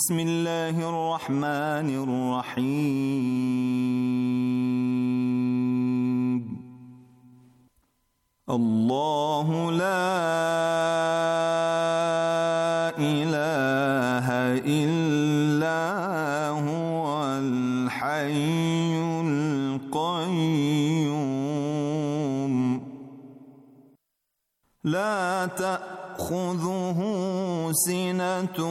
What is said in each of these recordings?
بسم الله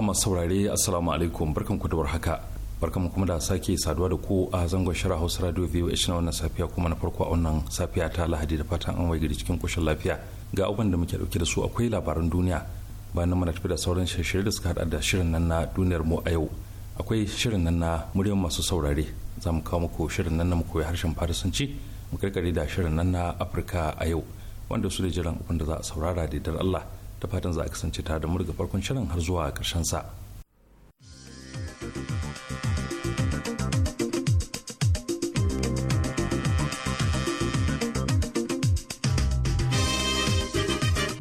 masu saurare assalamu alaikum barkan ku da warhaka barkan kuma da sake saduwa da ku a zangon shara hausa radio voh na wannan safiya kuma na farko a wannan safiya ta lahadi da fatan an waye cikin koshin lafiya ga abubuwan da muke dauke da su akwai labaran duniya bayan mana tafi da sauran shirye da suka hada da shirin nan na duniyar mu a yau akwai shirin nan na muryar masu saurare za mu kawo muku shirin nan na mu koyi harshen farisanci mu karkare da shirin nan na afirka a yau wanda su da jiran abin da za a saurara da dar allah da fatan za a kasance ta da murga farkon shirin har zuwa karshen sa.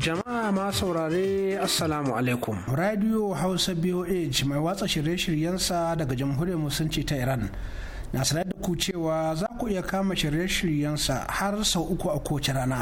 Jama'a ma saurare Assalamu alaikum. Radio Hausa BOH mai watsa shirye-shiryensa daga Jamhuriyar Musulunci ta Iran. Na sanar da ku cewa za ku iya kama shirye-shiryensa har sau uku a kowace rana.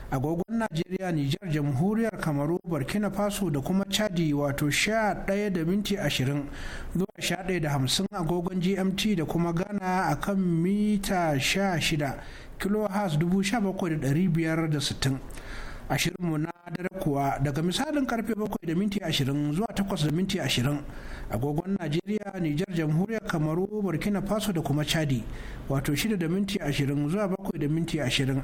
agogon najeriya nijar jamhuriyar kamaru burkina faso da kuma chadi wato ɗaya da minti ashirin zuwa ɗaya da hamsin agogon gmt da kuma ghana a kan mita shida kilohas dubu sha bakwai da ɗari biyar da sittin ashirinmu na dare kuwa daga misalin karfe bakwai da minti ashirin zuwa takwas da minti ashirin agogon najeriya nijar jamhuriyar kamaru burkina faso da kuma chadi wato shida da minti ashirin zuwa bakwai da minti ashirin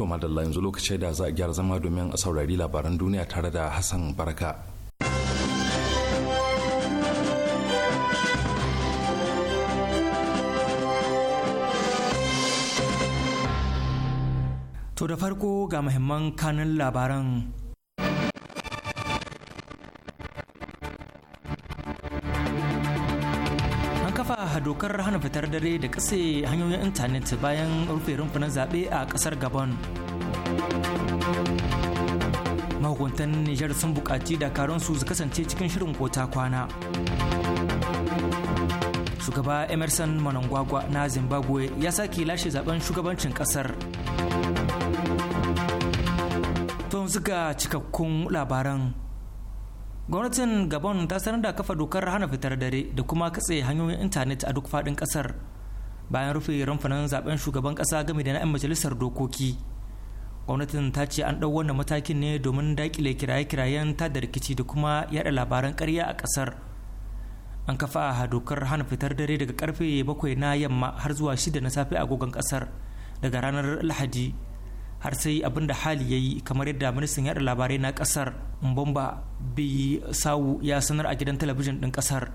To madalla yanzu lokacin da za a gyara zama domin a saurari labaran duniya tare da Hassan baraka To da farko ga muhimman kanun labaran dokar hana fitar dare da kase hanyoyin intanet bayan rufe rumfunan zaɓe a ƙasar gabon mahukuntan nijar sun buƙaci dakaransu su kasance cikin shirin kota kwana shugaba emerson manangwagwa na zimbabwe ya sake lashe zaben shugabancin ƙasar don zuga cikakkun labaran gwamnatin gabon ta sanar da kafa dokar hana fitar dare da kuma katse hanyoyin intanet a duk faɗin ƙasar bayan rufe rumfunan zaben shugaban ƙasa game da na majalisar dokoki gwamnatin ta ce an ɗau wannan matakin ne domin dakile kiraye-kirayen ta da rikici da kuma yaɗa labaran karya a ƙasar an kafa dokar hana fitar dare daga karfe bakwai na yamma har zuwa shida na safe agogon ƙasar daga ranar lahadi har sai abin da hali ya yi kamar yadda ministan yada labarai na kasar mbomba bi sawu ya sanar a gidan talabijin ɗin ƙasar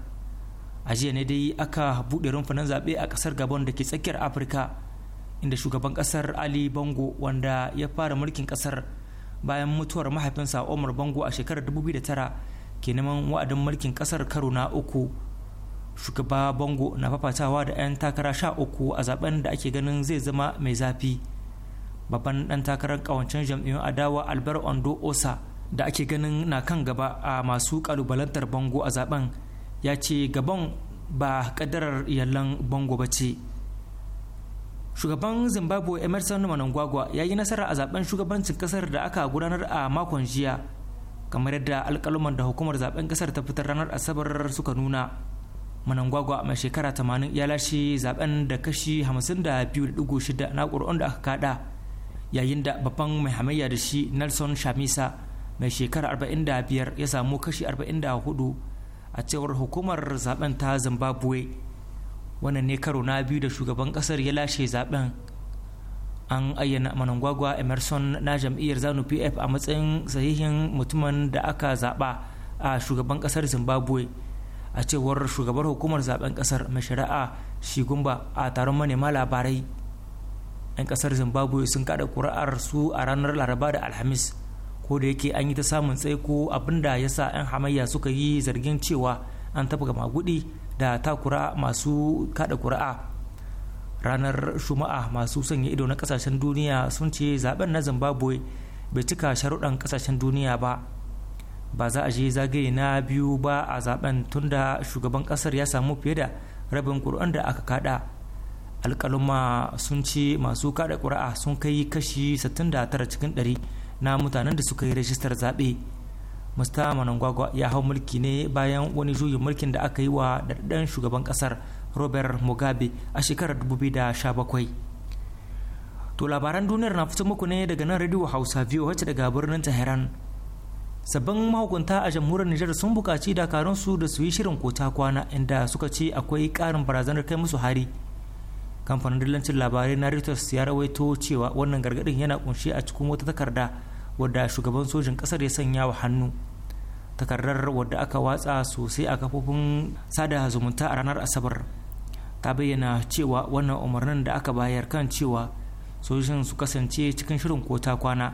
a jiya ne dai aka buɗe rumfunan zaɓe a ƙasar gabon da ke tsakiyar afirka inda shugaban ƙasar ali bango wanda ya fara mulkin kasar bayan mutuwar mahaifinsa omar bango a shekarar 2009 ke neman wa'adin mulkin kasar karo na uku shugaba bango na fafatawa da 'yan takara sha uku a zaben da ake ganin zai zama mai zafi babban dan takarar kawancen jam'iyyun adawa albert ondo osa da ake ganin na kan gaba a masu kalubalantar bango a zaben ya ce gaban ba kadarar iyalan bango ba ce shugaban zimbabwe emerson manangwagwa ya yi nasara a zaben shugabancin kasar da aka gudanar a makon jiya kamar yadda alkaluman da hukumar zaben kasar ta fitar ranar asabar suka nuna manangwagwa mai shekara 80 ya lashe zaben da kashi 52.6 na ƙuri'un da aka kada yayin da babban mai hamayya da shi nelson shamisa mai shekarar 45 ya samu kashi 44 a cewar hukumar zaben ta zimbabwe wannan ne karo na biyu da shugaban kasar ya lashe zaben an ayyana manangwagwa emerson na jam'iyyar zanu pf a matsayin sahihin mutumin da aka zaba a shugaban kasar zimbabwe a cewar shugabar hukumar zaben kasar mai shari'a shigumba a taron manema labarai 'yan kasar zimbabwe sun kada kuri'ar su a ranar laraba da alhamis ko da yake an yi ta samun tsaiko abinda ya sa 'yan hamayya suka yi zargin cewa an gama magudi da takura masu kada kuri'a ranar shuma'a masu sanya ido na kasashen duniya sun ce zaben na zimbabwe bai cika sharuɗan ƙasashen duniya ba ba za a je zagaye na biyu ba a zaben tunda shugaban ƙasar ya samu fiye da rabin kuri'un da aka kaɗa. alƙaluma sun ce masu kada ƙuri'a sun kai kashi 69 cikin ɗari na mutanen da suka yi rajistar zaɓe musta manangwagwa ya hau mulki ne bayan wani juyin mulkin da aka yi wa daɗaɗɗen shugaban ƙasar robert mugabe a shekarar 2017 to labaran duniyar na fito muku ne daga nan radio hausa voh daga birnin tehran sabbin mahukunta a jamhuriyar Nijar sun bukaci dakarunsu da su yi shirin kota kwana inda suka ce akwai ƙarin barazanar kai musu hari kamfanin dillancin labarai na reuters ya rawaito cewa wannan gargadin yana kunshe a cikin wata takarda wadda shugaban sojin kasar ya sanya wa hannu takardar wadda aka watsa sosai a kafofin sada zumunta a ranar asabar ta bayyana cewa wannan umarnin da aka bayar kan cewa sojin su kasance cikin shirin kota kwana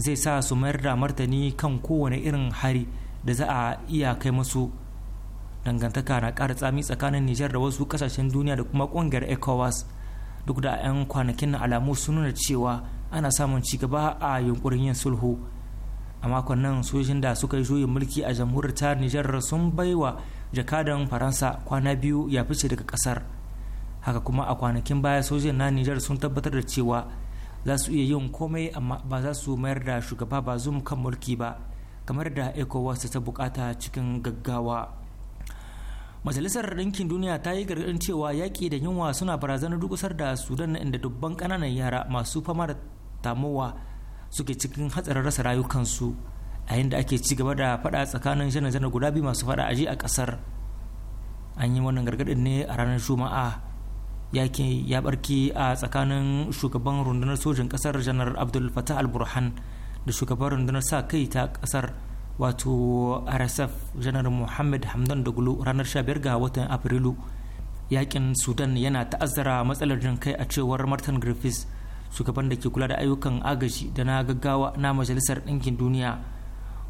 zai sa su mayar da martani kan kowane irin hari da za a iya kai musu dangantaka na ƙara tsami tsakanin nijar da wasu kasashen duniya da kuma ƙungiyar ecowas duk da 'yan kwanakin na alamu sun nuna cewa ana samun ci gaba a yunkurin yin sulhu a makon nan sojojin da suka yi juyin mulki a jamhuriyar ta nijar sun baiwa jakadan faransa kwana biyu ya fice daga kasar haka kuma a kwanakin baya sojojin na nijar sun tabbatar da cewa za su iya yin komai amma ba za su mayar da shugaba ba bazum kan mulki ba kamar da ecowas ta bukata cikin gaggawa majalisar ɗinkin duniya ta yi gargaɗin cewa yaƙi da yunwa suna barazanar dukusar da sudan inda dubban ƙananan yara masu fama da tamowa suke cikin hatsarin rasa rayukansu a yayin da ake ci gaba da faɗa tsakanin janar guda biyu masu faɗa aji a ƙasar an yi wannan gargadin ne a ranar juma'a yakin ya barki a tsakanin shugaban rundunar sojin ƙasar janar abdul fatah al-burhan da shugaban rundunar sa kai ta ƙasar wato rsf janar muhammad hamdan dagulu ranar sha biyar ga watan afrilu yakin sudan yana ta'azzara matsalar jin kai a cewar martin griffiths shugaban da ke kula da ayyukan agaji da na gaggawa na majalisar ɗinkin duniya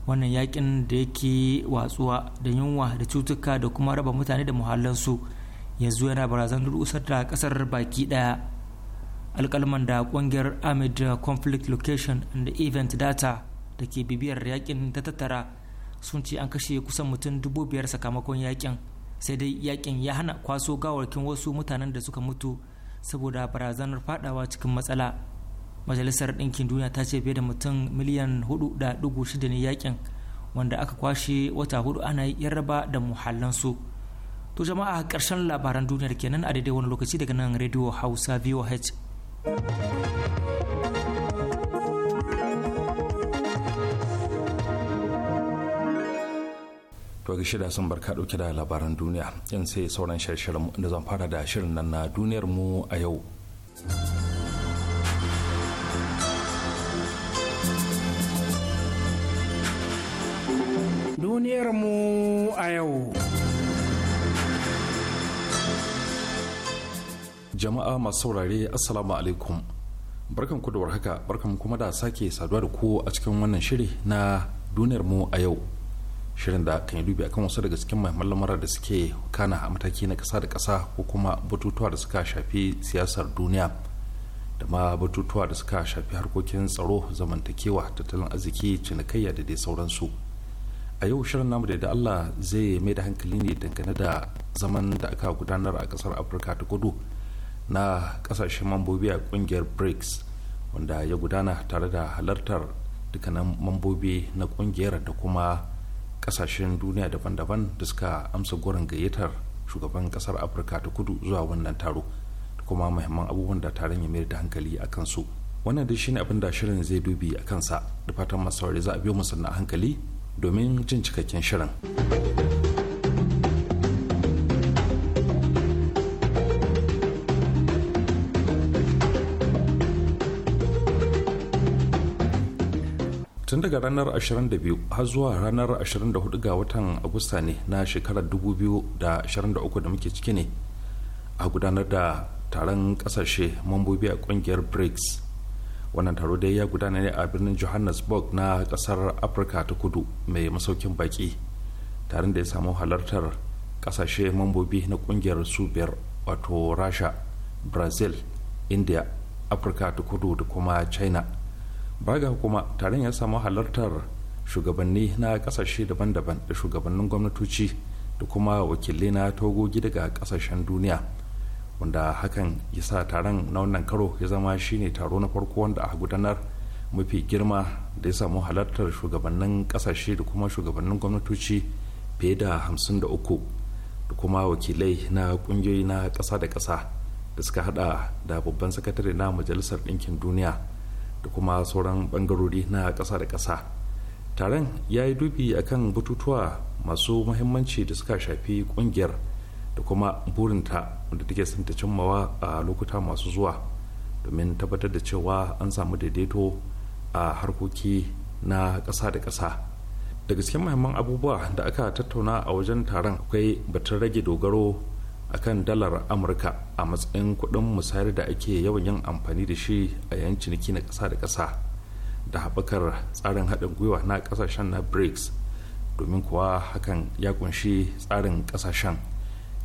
wannan yakin da yake watsuwa da yunwa da cutuka da kuma raba mutane da muhallansu yanzu yana barazanar usar da kasar baki daya alkalman da kungiyar amid conflict location and event data da ke bibiyar yakin ta tattara sun ce an kashe kusan mutum dubu biyar sakamakon yakin sai dai yakin ya hana kwaso gawarkin wasu mutanen da suka mutu saboda barazanar fadawa cikin matsala majalisar ɗinkin duniya ta ce fiye da mutum miliyan hudu da shida ne yakin wanda aka kwashe wata hudu ana yarraba da muhallansu to jama'a ƙarshen labaran duniyar kenan a daidai wani lokaci daga nan radio hausa voh To ga shida sun barka dauke da labaran duniya yan sai sauran shirin inda zan fara da shirin nan na duniyar mu a yau. Duniyar mu a yau. Jama'a masu saurare Assalamu alaikum. Barkan ku da warhaka, barkan kuma da sake saduwa da ku a cikin wannan shiri na duniyar mu a yau. shirin da kan yi dubi akan wasu daga cikin mahimman lamura da suke kana a mataki na kasa da kasa ko kuma batutuwa da suka shafi siyasar duniya da ma batutuwa da suka shafi harkokin tsaro zamantakewa tattalin arziki cinikayya da dai sauransu a yau shirin namu da Allah zai mai da hankali ne dangane da zaman da aka gudanar a ƙasar afirka ta kudu na kasashen mambobi a ƙungiyar brics wanda ya gudana tare da halartar dukkanin mambobi na ƙungiyar da kuma kasashen duniya daban-daban da suka amsa gurin gayyatar shugaban kasar afirka ta kudu zuwa wannan taro da kuma muhimman abubuwan da taron ya mayar da hankali a kansu wannan dai shine abin da shirin zai dubi a kansa da fatan masu za a biyo mu sannan hankali domin jin cikakken shirin. daga ranar 22 har zuwa ranar 24 ga watan agusta ne na shekarar 2023 da muke ciki ne a gudanar da taron kasashe mambobi a kungiyar brics wannan taro dai ya gudana ne a birnin johannesburg na kasar afirka ta kudu mai masaukin baki taron da ya samu halartar kasashe mambobi na kungiyar su biyar wato rasha brazil india afirka ta kudu da kuma china baga hukuma taron ya samu halartar shugabanni na kasashe daban-daban da shugabannin gwamnatoci da kuma wakilai na togogi daga kasashen duniya wanda hakan ya sa taron na wannan karo ya zama shine taro na farko wanda aka gudanar mafi girma da ya samu halartar shugabannin kasashe da kuma shugabannin gwamnatoci fiye da hamsin da uku da kuma wakilai na kungiyoyi na kasa da kasa da suka hada da babban sakatare na majalisar ɗinkin duniya da kuma sauran bangarori na ƙasa da ƙasa taron ya yi dubi a kan bututuwa masu mahimmanci da suka shafi ƙungiyar da kuma burinta da take son ta cimmawa a lokuta masu zuwa domin tabbatar da cewa an samu daidaito a harkoki na ƙasa da ƙasa daga cikin mahimman abubuwa da aka tattauna a wajen taron akwai batun rage dogaro akan dalar amurka a matsayin kudin musayar da ake yawan yin amfani da shi a yan ciniki na ƙasa da ƙasa da haɓakar tsarin haɗin gwiwa na ƙasashen na brics domin kuwa hakan ya kunshi tsarin ƙasashen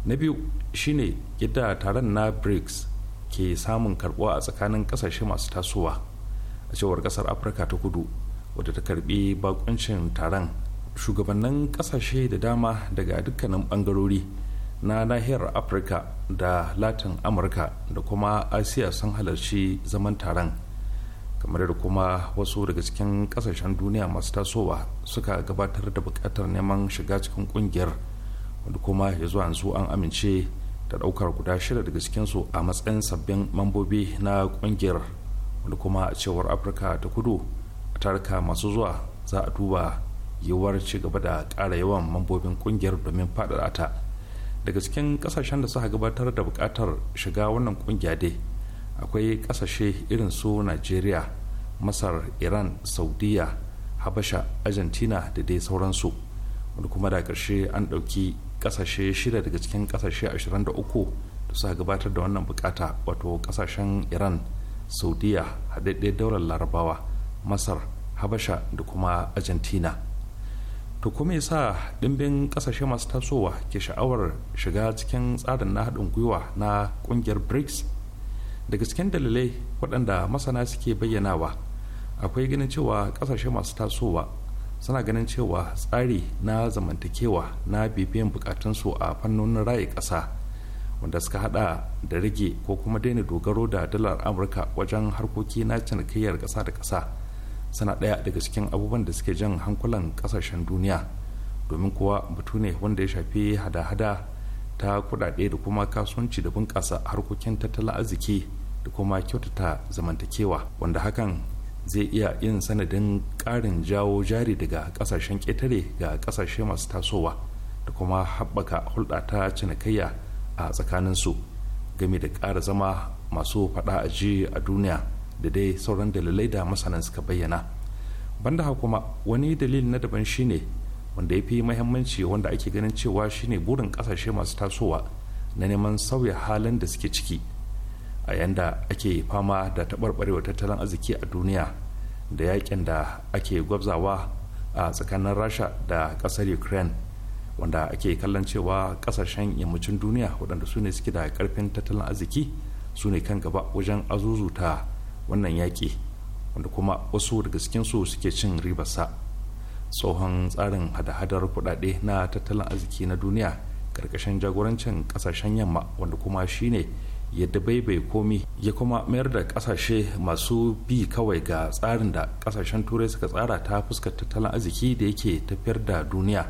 na biyu shine yadda taron na brics ke samun karɓuwa a tsakanin ƙasashe masu tasowa a cewar ƙasar afirka ta kudu wadda ta karɓi bakuncin taron shugabannin ƙasashe da dama daga dukkanin ɓangarori na nahiyar afirka da latin amurka da kuma asiya sun halarci zaman taron kamar da kuma wasu daga cikin kasashen duniya masu tasowa suka gabatar da bukatar neman shiga cikin kungiyar wanda kuma ya zuwa yanzu an amince da daukar guda shida daga cikinsu a matsayin sabbin mambobi na kungiyar wanda kuma a cewar afirka ta kudu a tarka masu zuwa za a duba yiwuwar ci gaba da ƙara yawan mambobin kungiyar domin faɗaɗa ta daga cikin kasashen da suka gabatar da bukatar shiga wannan kungiya dai akwai kasashe irin su nigeria masar iran saudiya habasha argentina da dai sauransu wanda kuma da karshe an ɗauki kasashe shida daga cikin kasashe 23 da suka gabatar da wannan bukata wato kasashen iran saudiya haɗaɗɗen daular larabawa masar habasha da kuma argentina to kuma ya sa dimbin kasashe masu tasowa ke sha'awar shiga cikin tsarin na haɗin gwiwa na ƙungiyar brics daga cikin dalilai waɗanda masana suke bayyanawa akwai ganin cewa kasashe masu tasowa suna ganin cewa tsari na zamantakewa na bibiyan bukatunsu a fannonin ra'ayi ƙasa wanda suka hada da rage ko kuma daina dogaro da dalar amurka wajen harkoki na cinikayyar ƙasa da ƙasa suna ɗaya daga cikin abubuwan da suke jan hankulan ƙasashen duniya domin kuwa batu ne wanda ya shafi hada-hada ta kudade da kuma kasuwanci da bunƙasa harkokin tattalin arziki da kuma kyautata zamantakewa wanda hakan zai iya yin sanadin ƙarin jawo jari daga ƙasashen ƙetare ga ƙasashe masu tasowa da kuma haɓaka hulɗa ta cinikayya a tsakaninsu game da ƙara zama masu faɗa a a duniya da dai sauran dalilai da masanan suka bayyana banda haka kuma wani dalil na daban shine wanda ya fi mahimmanci wanda ake ganin cewa shine burin kasashe masu tasowa na neman sauya halin da suke ciki a yanda ake fama da taɓarɓarewar tattalin arziki a duniya da yakin da ake gwabzawa a tsakanin rasha da ƙasar ukraine wanda ake kallon cewa ƙasashen yammacin duniya waɗanda su ne suke da ƙarfin tattalin arziki su ne kan gaba wajen azuzuta wannan yaƙi wanda kuma wasu daga cikin su suke cin ribarsa tsohon tsarin hada-hadar kuɗaɗe na tattalin arziki na duniya ƙarƙashin jagorancin ƙasashen yamma wanda kuma shine ya dabai bai komi ya kuma mayar da ƙasashe masu bi kawai ga tsarin da ƙasashen turai suka tsara ta fuskar tattalin arziki da yake tafiyar da duniya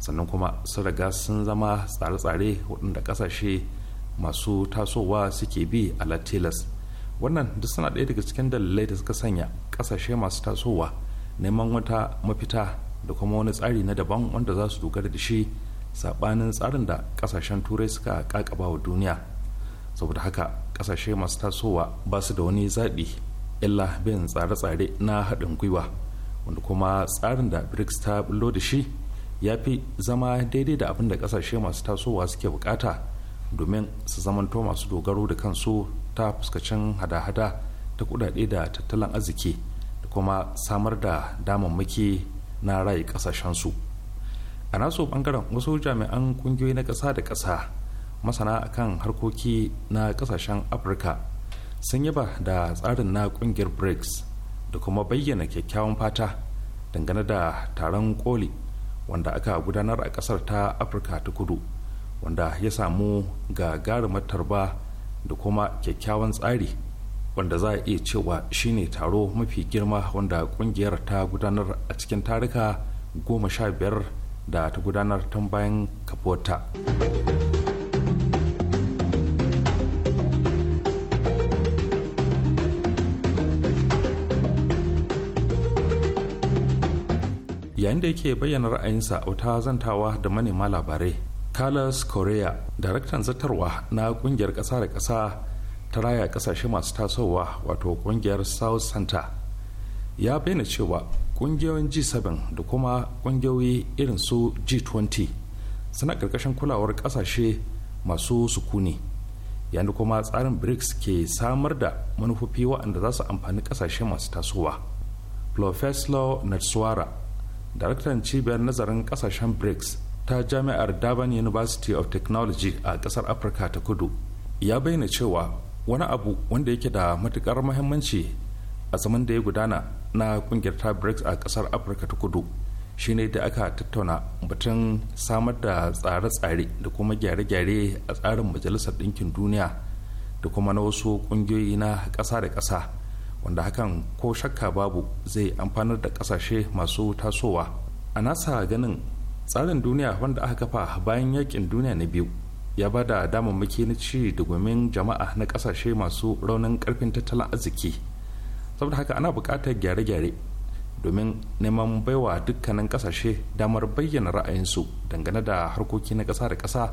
sannan kuma sun riga sun zama tsare-tsare waɗanda ƙasashe masu tasowa suke bi a latilas wannan duk suna ɗaya daga cikin dalilai da suka sanya ƙasashe masu tasowa neman wata mafita da kuma wani tsari na daban wanda za su dogara da shi saɓanin tsarin da ƙasashen turai suka ƙaƙaba wa duniya saboda haka ƙasashe masu tasowa ba su da wani zaɓi illa bin tsare-tsare na haɗin gwiwa wanda kuma tsarin da brics ta bullo da shi ya fi zama daidai da abin da ƙasashe masu tasowa suke bukata domin su zamanto masu dogaro da kansu ta fuskacin hada-hada ta kudade da tattalin arziki da kuma samar da damammaki na rai su a naso bangaren wasu jami'an kungiyoyi na ƙasa da ƙasa masana akan harkoki na ƙasashen afirka sun yaba da tsarin na ƙungiyar brics da kuma bayyana kyakkyawan fata dangane da taron koli wanda aka gudanar a ƙasar ta afirka ta kudu wanda ya samu gari tarba da kuma kyakkyawan tsari wanda za a iya cewa shine taro mafi girma wanda kungiyar ta gudanar a cikin tarika goma sha biyar da ta gudanar tun bayan kafuwarta yayin da yake bayyana ra'ayinsa wata zantawa da manema labarai carlos correa daraktan zartarwa na kungiyar kasa da kasa ta raya kasashe masu tasowa wato kungiyar south center ya bayyana cewa kungiyoyin g7 da kuma kungiyoyi irin su g20 suna karkashin kulawar kasashe masu sukuni yadda kuma tsarin brics ke samar da manufofi waɗanda za su amfani kasashe masu tasowa professor natsuwara daraktan cibiyar nazarin kasashen brics ta jami'ar Durban University of Technology a ƙasar Afirka ta kudu ya bayyana cewa wani abu wanda yake da matukar muhimmanci a zaman da ya gudana na kungiyar ta BRICS a ƙasar Afirka ta kudu shine da aka tattauna batun samar da tsare-tsare da kuma gyare-gyare a tsarin majalisar ɗinkin duniya da kuma na wasu ƙungiyoyi na ƙasa da ƙasa wanda hakan ko shakka babu zai amfanar da ƙasashe masu tasowa a nasa ganin tsarin duniya wanda aka kafa bayan yakin duniya na biyu ya ba da damammaki na ci domin jama'a na kasashe masu raunin karfin tattalin arziki saboda haka ana buƙatar gyare-gyare domin neman baiwa dukkanin kasashe damar bayyana ra'ayinsu dangane da harkoki na ƙasa da ƙasa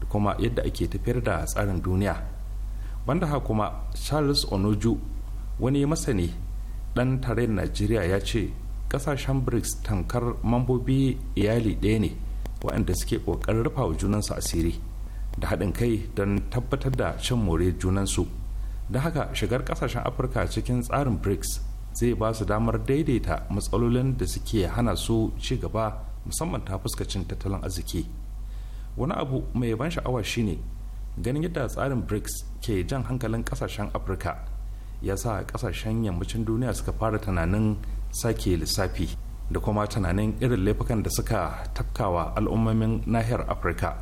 da kuma yadda ake tafiyar da tsarin duniya banda haka kuma charles onoju wani masani ɗan tarayyar najeriya ya ce kasashen brics tankar mambobi iyali ɗaya ne waɗanda suke ƙoƙarin rufa wa junansu asiri da haɗin kai don tabbatar da cin more junansu da haka shigar ƙasashen afirka cikin tsarin brics zai ba su damar daidaita matsalolin da suke hana su ci gaba musamman ta fuska cin tattalin arziki wani abu mai ban sha'awa shine ganin yadda tsarin brics ke jan hankalin ƙasashen afirka ya sa ƙasashen yammacin duniya suka fara tunanin sake lissafi da kuma tunanin irin laifukan da suka tafkawa al'ummomin nahiyar afirka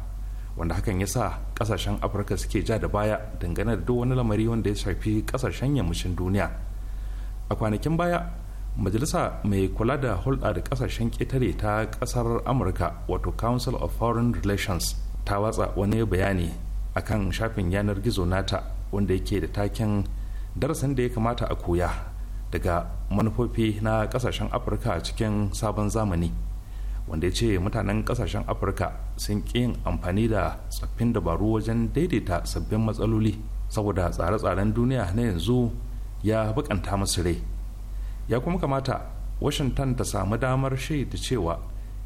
wanda hakan ya sa kasashen afirka suke ja da baya dangane da duk wani lamari wanda ya shafi kasashen yammacin duniya a kwanakin baya majalisa mai kula da hulɗa da kasashen ƙetare ta ƙasar amurka wato council of foreign relations ta watsa wani bayani akan shafin yanar gizo nata wanda yake da taken darasin da ya kamata a koya daga manufofi na kasashen afirka a cikin sabon zamani wanda ya ce mutanen kasashen afirka sun ƙi yin amfani da tsaffin dabaru wajen daidaita sabbin matsaloli saboda tsare-tsaren duniya na yanzu ya bukanta musu rai ya kuma kamata washington ta samu damar shaida cewa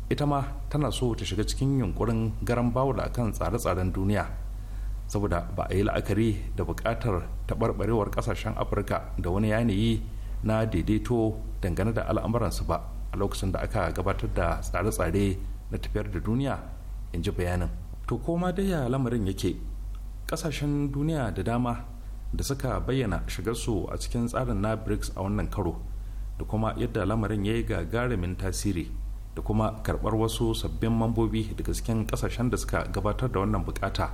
ita ma tana so ta shiga cikin yunkurin garan bawo da kan tsare-tsaren duniya saboda ba a yi la'akari da bukatar taɓarɓarewar kasashen afirka da wani yanayi na daidaito dangane da al'amuransu ba a lokacin da aka gabatar da tsare-tsare na tafiyar da duniya in ji bayanin to koma dai ya lamarin yake kasashen duniya da dama da suka bayyana shigar su a cikin tsarin na brics a wannan karo da kuma yadda lamarin ya yi gagarumin tasiri da kuma karbar wasu sabbin mambobi daga cikin kasashen da suka gabatar da wannan bukata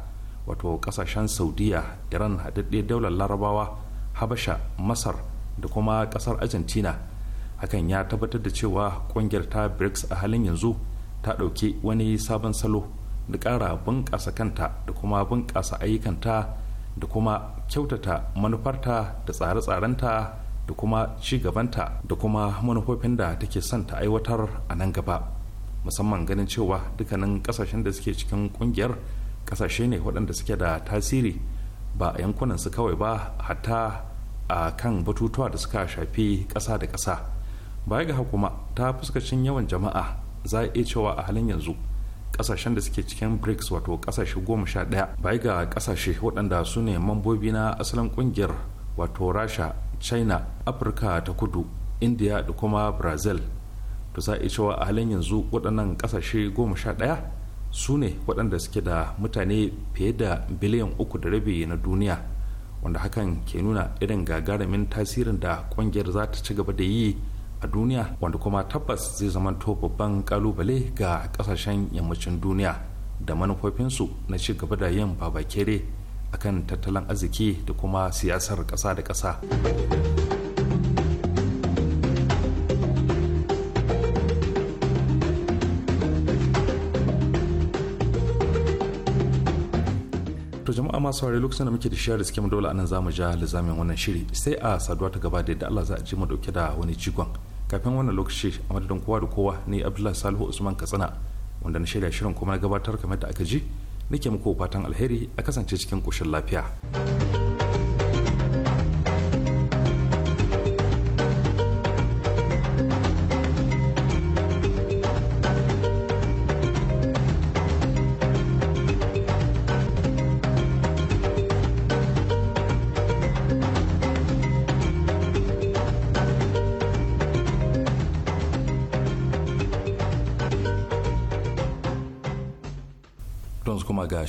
wato kasashen saudiya iran haɗaɗɗe daular larabawa habasha masar da kuma kasar argentina hakan ya tabbatar da cewa kungiyar ta brics a halin yanzu ta ɗauki wani sabon salo da ƙara bunƙasa kanta da kuma bunƙasa ayyukanta da kuma kyautata manufarta da tsare-tsarenta da kuma ci gabanta da kuma manufofin da take son ta aiwatar a nan gaba musamman ganin cewa dukkanin kasashen da suke cikin kungiyar kasashe ne waɗanda suke da tasiri ba a yankunan su kawai ba hatta a kan batutuwa da suka shafi ƙasa da ƙasa baya ga hukuma ta fuskacin yawan jama'a za a iya cewa a halin yanzu ƙasashen da suke cikin brics wato ƙasashe goma sha ɗaya baya ga ƙasashe waɗanda su ne mambobi na asalin ƙungiyar wato rasha china afirka ta kudu india da kuma brazil to za a iya cewa a halin yanzu waɗannan ƙasashe goma sha ɗaya su ne waɗanda suke da mutane fiye da biliyan uku da rabi na duniya wanda hakan ke nuna irin gagarumin tasirin da kungiyar za ta ci gaba da yi a duniya wanda kuma tabbas zai zamanto babban kalubale ga kasashen yammacin duniya da manufofinsu na ci gaba da yin babakere akan tattalin arziki da kuma siyasar ƙasa da ƙasa. masu saurari lokacin da muke da shiyar suke mu dole anan zamu ja lizamin wannan shiri sai a saduwa ta gaba da yadda Allah za a ji mu dauke da wani jigon kafin wannan lokaci a madadin kowa da kowa ne Abdullahi Salihu Usman Katsina wanda na shirya shirin kuma na gabatar kamar da aka ji nake muku fatan alheri a kasance cikin koshin lafiya.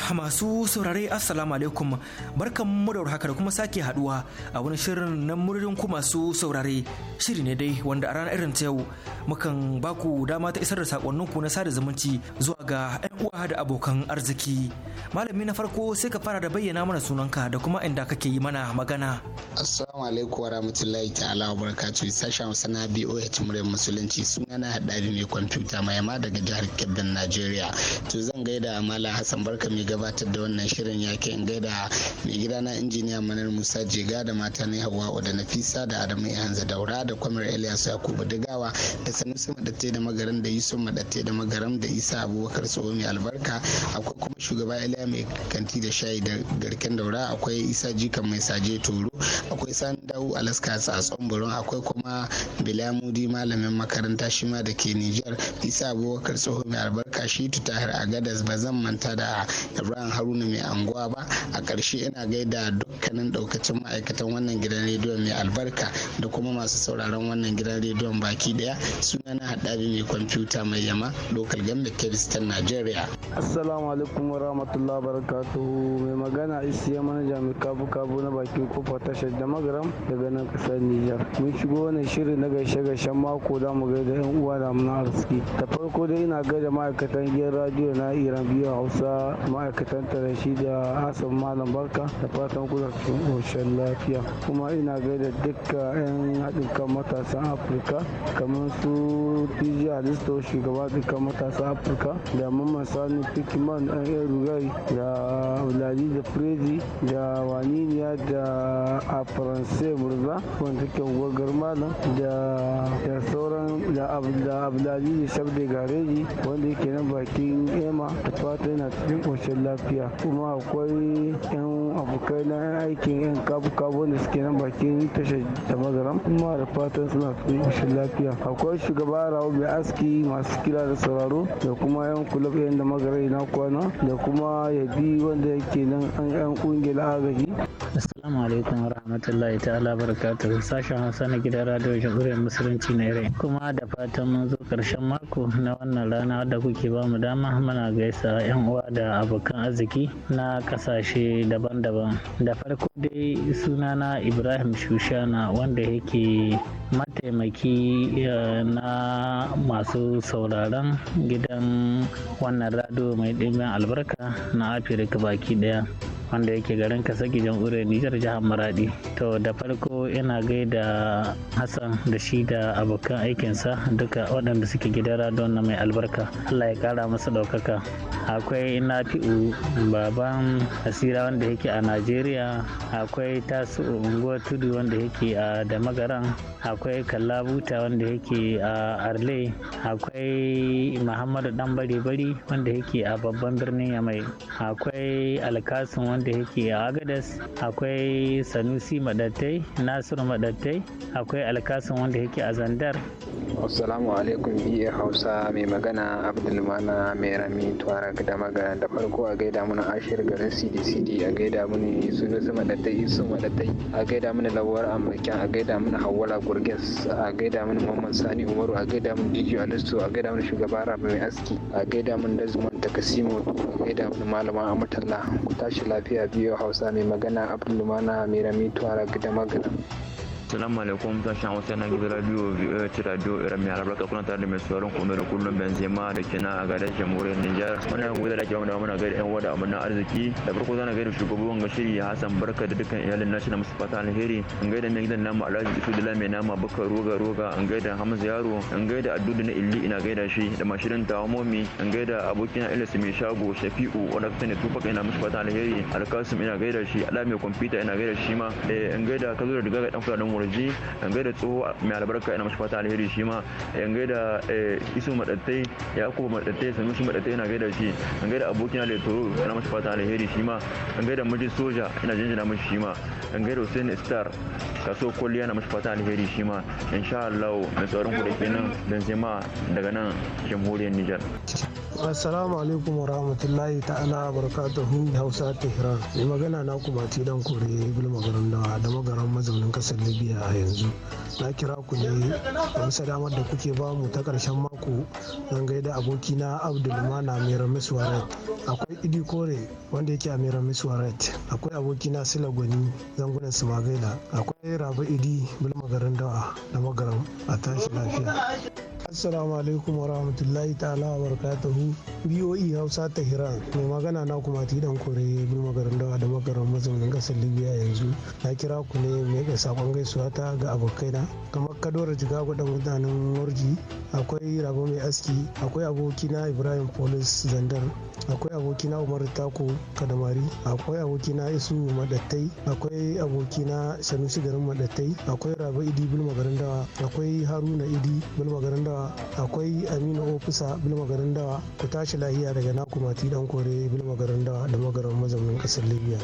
jama'a masu saurare assalamu alaikum barkan mu da haka da kuma sake haduwa a wani shirin na muririn ku masu saurare shiri ne dai wanda a ranar irin ta yau mukan baku dama ta isar da sakonnin ku na sada zumunci zuwa ga ɗan uwa da abokan arziki malami na farko sai ka fara da bayyana mana sunanka da kuma inda kake yi mana magana assalamu alaikum warahmatullahi ta'ala wa barakatuh sashen hausa na BOH muryar musulunci sunana hadari ne kwamfuta mai ma daga jihar Kebbi Najeriya to zan gaida amala Hassan Barka mai gabatar da wannan shirin ya ke in gaida mai gida na injiniya manar musa jega da mata ne hawa da nafisa da adamu hanza daura da kwamar elias yakubu digawa da sanusi madatte da magaran da yusuf madatte da magaran da isa abubakar tsoho mai albarka akwai kuma shugaba iliya mai kanti da shayi da garken daura akwai isa jikan mai saje toro akwai san dawu alaska a tsomburon akwai kuma bilamudi malamin makaranta shima da ke nijar isa abubakar tsoho mai albarka shi tahir agadas ba zan manta da ibrahim haruna mai anguwa ba a ƙarshe ina gaida dukkanin ɗaukacin ma'aikatan wannan gidan rediyon mai albarka da kuma masu sauraron wannan gidan rediyon baki ɗaya suna na haɗari mai kwamfuta mai yama lokal gambe kiristan najeriya assalamu alaikum wa rahmatullah barakatuhu mai magana isiya manaja mai kabu kabu na bakin kofa tashar da magaram daga nan kasar nijar mun shigo wannan shirin na gaishe gaishen mako za mu gaida yan uwa da muna arziki da farko dai ina gaida ma'aikatan gidan radiyo na iran biyu hausa ma'aikatan da shi da Hassan Malam Barka da fatan kuna cikin ƙoshin lafiya. Kuma ina gaida dukkan 'yan haɗin kan matasan Afirka kamar su DJ Alisto shugaba dukkan matasan Afirka da Mamman Sani Pikiman ɗan Erugai da Abdulaziz da Frezi da Waniniya da a faransa Murza wanda ke gwagar malam da sauran da Abdulaziz Shabde Gareji wanda yake nan bakin Ema da fatan yana cikin ƙoshin ƙoshin lafiya kuma akwai yan abokai na aikin yan kabu-kabu da suke nan bakin tashar da mazaran kuma da fatan suna cikin lafiya akwai shugaba rawu mai aski masu kira da sauraro da kuma yan kulab yan da mazarai na kwana da kuma yabi wanda yake nan an yan ƙungiyar agaji Assalamu alaikum wa rahmatullahi ta'ala barakatuhu sashen Hausa na gidan radio jamhuriyar musulunci na irin. kuma da fatan mun zo karshen mako na wannan rana da kuke ba mu dama muna gaisa yan uwa da abokan arziki na kasashe daban-daban da farko dai sunana Ibrahim Shushana wanda yake mataimaki na masu sauraron gidan wannan rado mai ɗimbin albarka na afirka baki ɗaya wanda yake garin kasaki jamhuriyar nijar jihar maradi to da farko ina gaida hassan da shi da abokan aikinsa duka waɗanda suke gidan radon na mai albarka allah ya kara masa ɗaukaka akwai ina fi'u, baban asira wanda yake a najeriya akwai tasu unguwar tudu wanda yake a damagaran akwai kallabuta wanda yake a arle akwai muhammadu dan bari bari wanda yake a babban birnin yamai akwai alkasin wanda yake a agadas akwai sanusi madattai nasiru madattai akwai alkasin wanda yake a zandar assalamu alaikum biye hausa mai magana abdulmana mai rami tuwarak da maga da farko a gaida mana ashir garin cdcd a gaida mini sunusi madattai isu madattai a gaida mini lawar Amurka a gaida mini hawala gurgis a gaida mini muhammad sani umaru a gaida mini dj alistu a gaida mini shugaban rabi mai aski a gaida mini dazuman takasimu a gaida mini malama amurtala ku tashi lafiya lafiya biyu hausa mai magana abdulmana mai rami tuwara da magana. Assalamu alaikum sashen Hausa na gidan radio VOH radio Iran mai albarka kuna tare da mai sauran kome da kullum Benzema da kina a gadar jamhuriyar Nijar. Muna gobe da kiran da muna gaida yan wada amana arziki. Da farko zan gaida shugaban ga shiri Hassan Barka da dukkan iyalin nashi na musu fata alheri. An gaida mai gidan namu Alhaji Isu Dila mai nama baka Roga Roga, an gaida Hamza Yaro, an gaida Addudu na Illi ina gaida shi da mashirin Tawamomi, an gaida abokina Ilyas mai shago Shafi'u wanda kusa ne tufaka ina musu fata alheri. Alkasim ina gaida shi, Ala mai kwamfuta ina gaida shi ma. Eh, da murji in gaida tsoho mai albarka ina mashi fata alheri shi ma in gaida eh, isu madattai ya ku madattai sanu shi madattai ina gaida shi in gaida abokina da toro ina mashi fata alheri shi ma in gaida miji soja ina jinjina mashi shi ma in gaida hussein star kaso kwalliya na mashi fata alheri shi ma insha Allah mai tsaron ku da kenan dan sai ma daga nan jamhuriyar Nijar. Assalamu alaikum wa rahmatullahi ta'ala barakatuhu Hausa Tehran. Mai magana na kuma ce dan kore Ibn Magaram da magaran mazaunin kasar Libya. yi a yanzu na kira ku ne da bisa damar da kuke bamu ta karshen mako don gaida abokina abdulmana mai ramis akwai idi kore wanda yake a mai ramis akwai abokina sila gwani zangunan simagaila akwai rabu idi bulma garin dawa da magaram a tashi lafiya assalamu alaikum wa rahmatullahi ta'ala wa barakatuhu boe hausa ta hiran mai magana na kuma idan kore bulma garin dawa da magaram mazaunin ƙasar libya yanzu na kira ku ne mai ga sakon gaisuwa ta ga abokaina kamar kadora jiga da mutanen warji akwai rabo mai aski akwai abokina ibrahim polis zandar akwai abokina umar tako kadamari akwai abokina isu madattai akwai abokina sanusi garin madattai akwai rabo idi bulma garin dawa akwai haruna idi bulma garin akwai aminu ofisa bulma garin ku tashi lahiya daga naku mati dan kore bulma garin dawa da magaran mazaunin kasar libya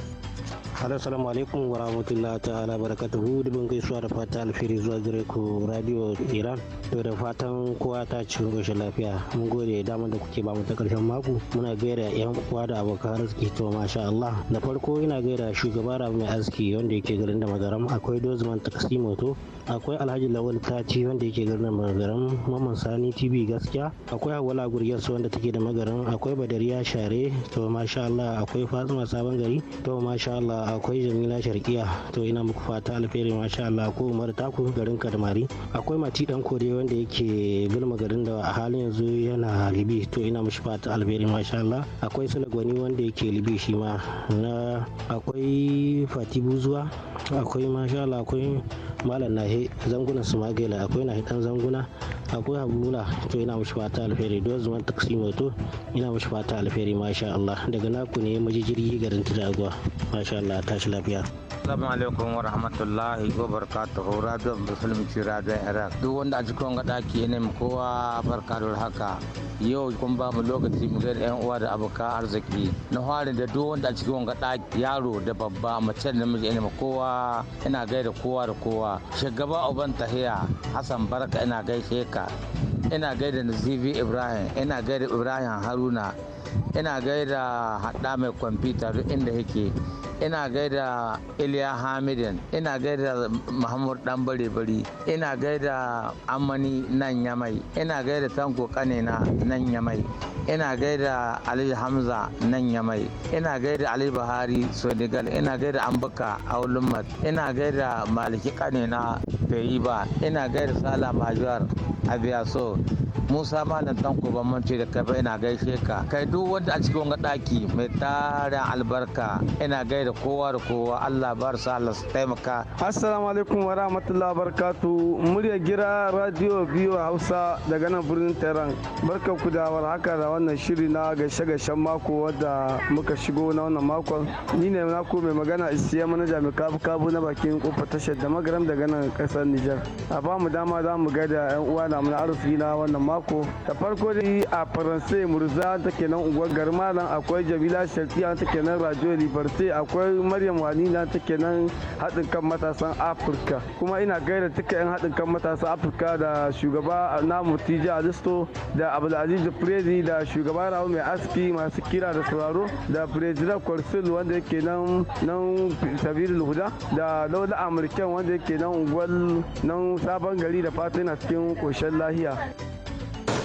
assalamu alaikum wa rahmatullahi ta'ala barakatuhu dubin gaisuwa da fata alfiri zuwa gare ku radio iran to da fatan kowa ta cikin goshin lafiya mun gode damar da kuke ba mu ta karshen mako muna gaira yan uwa da abokan arziki to masha Allah da farko ina gaira shugaba rabu mai aski wanda yake garin da magaram akwai dozman moto akwai alhaji lawal tati wanda yake garin da magaram mamman sani tv gaskiya akwai hawala gurgiyarsu wanda take da magaram akwai badariya share to masha Allah akwai fatima sabon gari to masha Allah akwai jamila sharkiya to ina muku fata alfahari masha Allah Lako Umar Taku garin Kadamari akwai Mati Dan Kore wanda yake gulma garin da a halin yanzu yana Libi to ina mishi fata alheri masha Allah akwai Wani wanda yake Libi shi ma na akwai fati zuwa akwai masha Allah akwai Malam Nahe zangunan Sumagela akwai nahi dan zanguna akwai Habula to ina mishi fata alheri Dozman Taksimo to ina mishi fata alheri masha Allah daga naku ne majijiri garin Tudagwa masha Allah tashi lafiya Assalamu alaikum wa rahmatullahi wa barakatuhu radio musulunci radio iraq duk wanda a cikin ga daki ne mu kowa barka da haka yau kun ba mu lokaci mu ga yan uwa da abuka arziki na fari da duk wanda a cikin ga daki yaro da babba mace da namiji ne mu kowa ina gaida kowa da kowa shugaba uban tahiya hasan barka ina gaishe ka ina gaida nazibi ibrahim ina gaida ibrahim haruna ina gaida hada mai kwamfuta duk inda yake ina gaida iliya hamidin ina gaida Muhammadu dan bare bari ina gaida amani nan yamai ina gaida tanko kanena nan yamai ina gaida ali hamza nan yamai ina gaida ali buhari sodigal ina gaida ambaka aulumat ina gaida maliki kanena feiba ina gaida sala majuwar abiyaso musa malam tanko ban mance da kai ina gaishe ka kai duk wanda a cikin wani daki mai tarin albarka ina gaida da kowa da kowa Allah bar sa Allah su taimaka assalamu alaikum wa rahmatullahi barakatu murya gira radio biyu hausa daga nan birnin tehran barka ku da haka da wannan shiri na gashe gashen mako wadda muka shigo na wannan makon ni ne na mai magana isiya manaja mai kabu kabu na bakin kofar tashar da magaram daga nan kasar nijar a ba mu dama za mu gaida yan uwa na mu na arziki na wannan mako da farko dai a faransai murza take nan unguwar garmalan akwai jamila shafiya take nan radio liberté akwai akwai maryam wani na take nan haɗin kan matasan afirka kuma ina gaida tuka 'yan haɗin kan matasan afirka da shugaba namu tija alisto da abdulaziz prezi da shugaba rahu mai aski masu kira da sauraro da president kwarsil wanda yake nan nan sabirul da laula amurken wanda yake nan unguwar nan sabon gari da fatan cikin koshin lahiya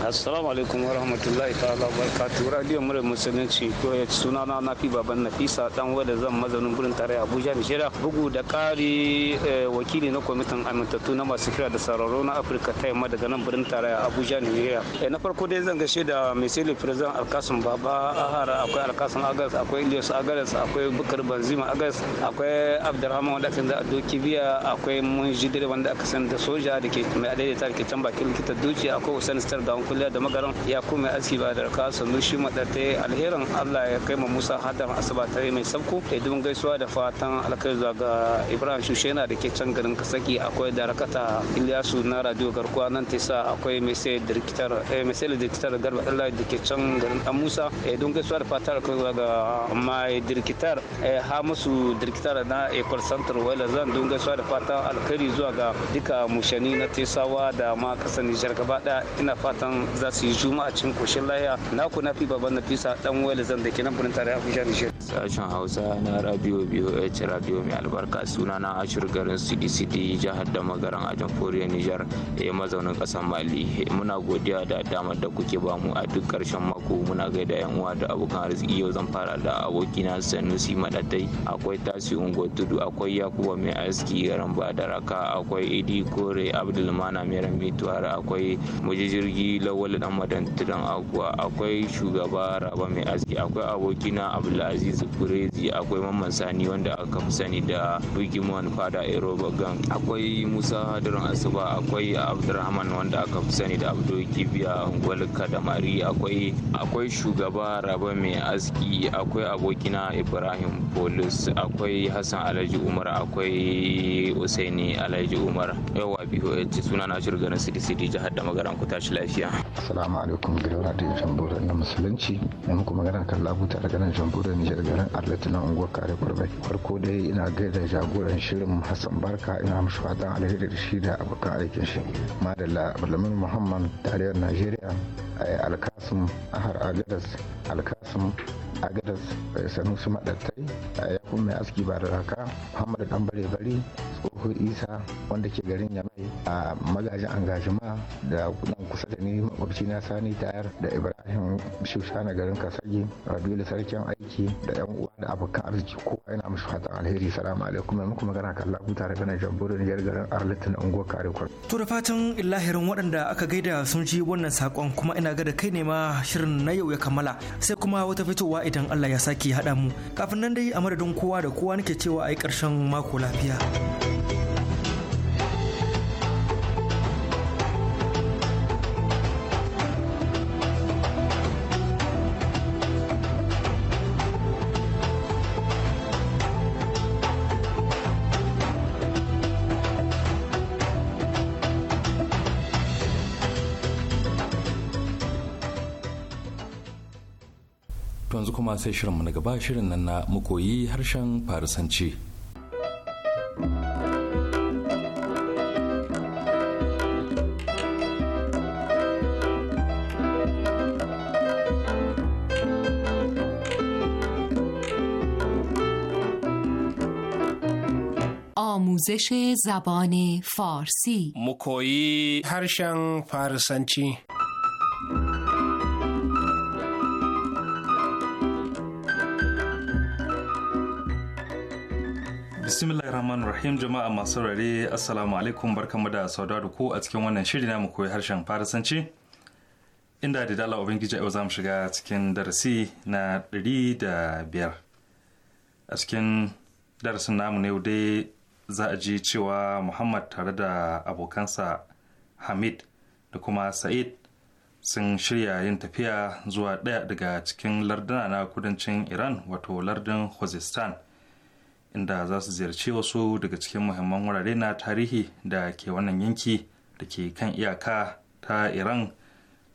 assalamu alaikum wa ta'ala wa barakatuhu radio murar musulunci ko ya ci sunana na fi baban nafisa dan wanda zan mazanin gurin tare abuja nigeria bugu da kari eh, wakili na kwamitin amintattu na masu kira da sararo na afirka ta yamma daga nan birnin tare abuja nigeria eh, na farko dai zan gashe da misali president alkasun baba ahara akwai alkasun agas akwai ilyas agas akwai bukar banzima agas akwai abdurrahman wanda aka da doki biya akwai mun jidire wanda aka san da soja da ke mai adaidaita da bakin likita duci akwai usain star da kulliya da magaran ya kuma aski ba da raka sannu shi madatai alherin Allah ya kai ma Musa hadar asuba tare mai sabko da dubin gaisuwa da fatan alkai zuwa ga Ibrahim Shushena da ke can garin Kasaki akwai da rakata Ilyasu na radio garkuwa nan ta sa akwai mai sai dirkitar eh, mai sai direktar garba Allah da ke can garin Dan Musa da dubin gaisuwa da fatan alkai zuwa ga mai dirkitar eh, ha musu direktar na Ecol Center wala zan dubin gaisuwa da fatan alkhairi zuwa ga duka mushani na Tesawa da ma kasan Nijar gaba ina fatan za su yi juma'a cikin koshin lahiya na na fi baban nafisa dan wayar zan da ke nan birnin tare abuja nijar sashen hausa na radio boh radio mai albarka suna na ashir garin city jihar da magaran a jamhuriyar nijar da eh, ya mazaunin kasar mali eh, muna godiya da damar da kuke bamu a duk karshen mako muna gaida yan uwa da abokan arziki yau zan fara da abokina sanusi madatai akwai tasi ungo tudu akwai yakuba mai aski garin badaraka akwai idi kore abdulmana mai ramituwar akwai mujijirgi lawal dan madan tudun aguwa akwai shugaba raba mai aski akwai abokina abdulaziz kurezi akwai mamman sani wanda aka fi sani da bigimon fada aeroba gang akwai musa hadirin asuba akwai abdurrahman wanda aka fi sani da abdul kibiya gwal kadamari akwai akwai shugaba raba mai aski akwai abokina ibrahim polis akwai hassan alhaji umar akwai usaini alhaji umar yawa biyu suna na shirga Sidi city city jihar da magaran ku tashi lafiya Assalamu alaikum gidan radiyon jamhuriyar na musulunci in muku magana kan labuta daga nan jamhuriyar Nijar garin Arlati na unguwar Kare Kurbai. Farko dai ina da jagoran shirin Hassan Barka ina mishi fatan alheri da shi da abokan aikin shi. Madalla Abdulmin Muhammad tarayyar Najeriya eh, Alkasim Ahar Agadas Alkasim Agadas eh, Sanusi Madattai eh, ya kuma mai aski ba da raka Muhammad Dan Bare Bari Nuhu Isa wanda ke garin Yamai a magajin angajima da nan kusa da ni makwabci na Sani Tayar da Ibrahim Shushana garin Kasagi Rabiulu sarkin aiki da yan uwa da abokan arziki kowa yana mushi fatan alheri salamu alaikum mai muku magana kan labu tare da Najambodo Nijar garin na unguwar Karekon. To da fatan illahirin waɗanda aka gaida sun ji wannan sakon kuma ina ga da kai ne ma shirin na yau ya kammala sai kuma wata fitowa idan Allah ya sake haɗa mu kafin nan dai a madadin kowa da kowa nake cewa a yi ƙarshen mako lafiya. kuma sai shirinmu na gaba shirin nan na mukoyi harshen farisanci. آموزش زبان فارسی مکویی هرشن فارسنچی rahman rahim jama'a masu rare assalamu alaikum barkamu da sauda da ku a cikin wannan shiri mu koyi harshen farisanci inda da dala ubangiji yau za mu shiga cikin darasi na ɗari da biyar a cikin darasin namu ne dai za a ji cewa muhammad tare da abokansa hamid da kuma sa'id sun shirya yin tafiya zuwa ɗaya daga cikin lardana na kudancin iran wato lardin khuzestan inda za su ziyarci wasu daga cikin muhimman wurare na tarihi da ke wannan yanki da ke kan iyaka ta iran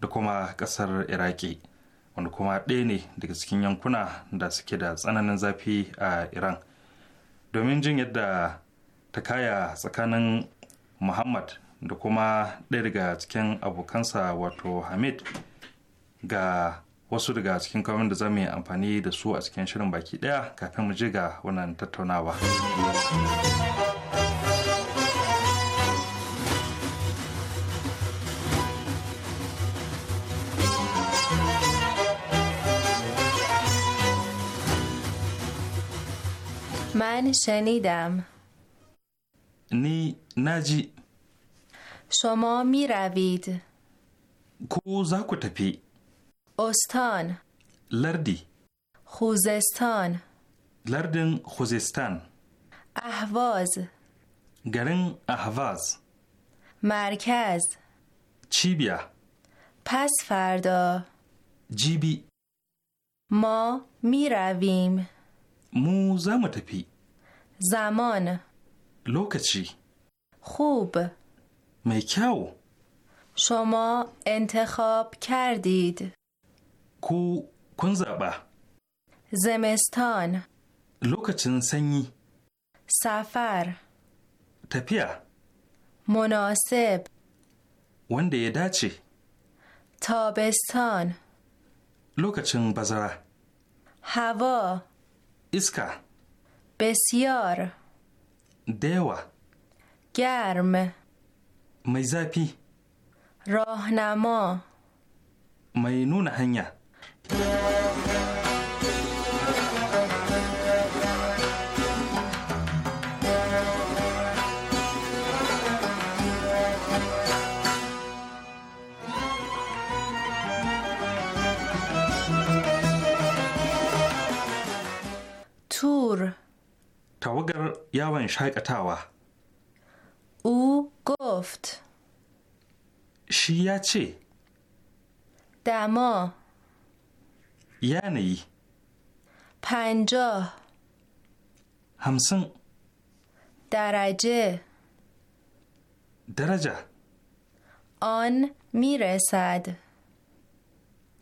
da kuma kasar iraki wanda kuma ɗaya ne daga cikin yankuna da suke da tsananin zafi a iran domin jin yadda ta kaya tsakanin muhammad da kuma ɗaya daga cikin abokansa wato hamid ga wasu daga cikin kwamin da za mu yi amfani da su a cikin shirin baki ɗaya kafin mu ji ga wannan tattaunawa. من شنیدم نی نجی شما می ku za ku tafi? استان لردی خوزستان لردن خوزستان اهواز گرن احواز مرکز چی بیا؟ پس فردا بی ما می رویم مو پی زمان لوکچی خوب میکاو شما انتخاب کردید ko kun zaɓa? Zemestan. Lokacin sanyi. Safar. Tafiya. Munasib. Wanda ya dace. Tabestan. Lokacin bazara. Hava. Iska. Besiyar. Dewa. Germ. Mai zafi. Rahnama. Mai nuna hanya. Tur. tawagar yawon shaƙatawa. U goft. Shi ya ce. Damo. یعنی پنجاه همسن درجه درجه آن میرسد